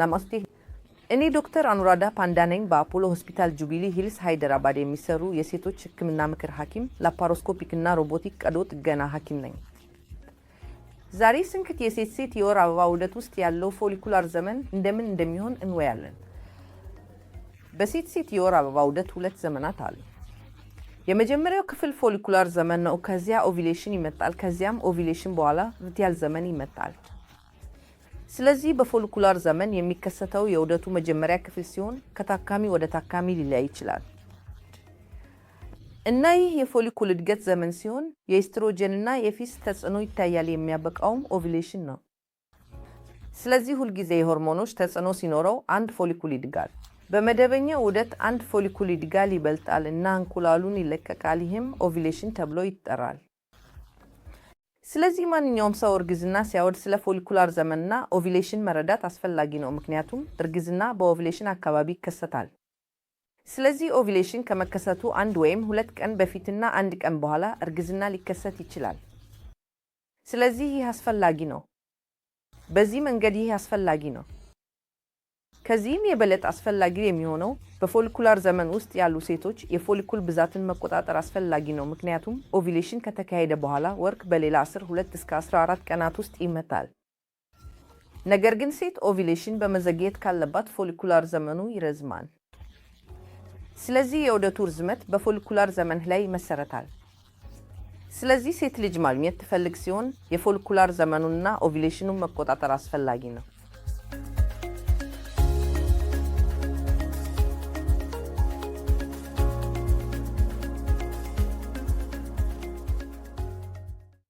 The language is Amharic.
नमस्ते እኔ ዶክተር አኑራዳ ፓንዳ ነኝ። በአፖሎ ሆስፒታል ጁቢሊ ሂልስ ሃይደራባድ የሚሰሩ የሴቶች ሕክምና ምክር ሐኪም፣ ላፓሮስኮፒክና ሮቦቲክ ቀዶ ጥገና ሐኪም ነኝ። ዛሬ ስንክት የሴት ሴት የወር አበባ ውደት ውስጥ ያለው ፎሊኩላር ዘመን እንደምን እንደሚሆን እንወያለን። በሴት ሴት የወር አበባ ውደት ሁለት ዘመናት አሉ። የመጀመሪያው ክፍል ፎሊኩላር ዘመን ነው። ከዚያ ኦቪሌሽን ይመጣል። ከዚያም ኦቪሌሽን በኋላ ርቲያል ዘመን ይመጣል። ስለዚህ በፎሊኩላር ዘመን የሚከሰተው የውደቱ መጀመሪያ ክፍል ሲሆን ከታካሚ ወደ ታካሚ ሊለያይ ይችላል እና ይህ የፎሊኩል እድገት ዘመን ሲሆን የኤስትሮጀንና የፊስ ተጽዕኖ ይታያል። የሚያበቃውም ኦቪሌሽን ነው። ስለዚህ ሁልጊዜ የሆርሞኖች ተጽዕኖ ሲኖረው አንድ ፎሊኩል ይድጋል። በመደበኛ ውደት አንድ ፎሊኩል ይድጋል፣ ይበልጣል እና እንቁላሉን ይለቀቃል። ይህም ኦቪሌሽን ተብሎ ይጠራል። ስለዚህ ማንኛውም ሰው እርግዝና ሲያወድ ስለ ፎሊኩላር ዘመንና ኦቪሌሽን መረዳት አስፈላጊ ነው፣ ምክንያቱም እርግዝና በኦቪሌሽን አካባቢ ይከሰታል። ስለዚህ ኦቪሌሽን ከመከሰቱ አንድ ወይም ሁለት ቀን በፊትና አንድ ቀን በኋላ እርግዝና ሊከሰት ይችላል። ስለዚህ ይህ አስፈላጊ ነው። በዚህ መንገድ ይህ አስፈላጊ ነው። ከዚህም የበለጠ አስፈላጊ የሚሆነው በፎሊኩላር ዘመን ውስጥ ያሉ ሴቶች የፎሊኩል ብዛትን መቆጣጠር አስፈላጊ ነው። ምክንያቱም ኦቪሌሽን ከተካሄደ በኋላ ወርቅ በሌላ 12 እስከ 14 ቀናት ውስጥ ይመታል። ነገር ግን ሴት ኦቪሌሽን በመዘግየት ካለባት ፎሊኩላር ዘመኑ ይረዝማል። ስለዚህ የወደቱ ርዝመት በፎሊኩላር ዘመን ላይ ይመሰረታል። ስለዚህ ሴት ልጅ ማግኘት ትፈልግ ሲሆን የፎሊኩላር ዘመኑንና ኦቪሌሽኑን መቆጣጠር አስፈላጊ ነው።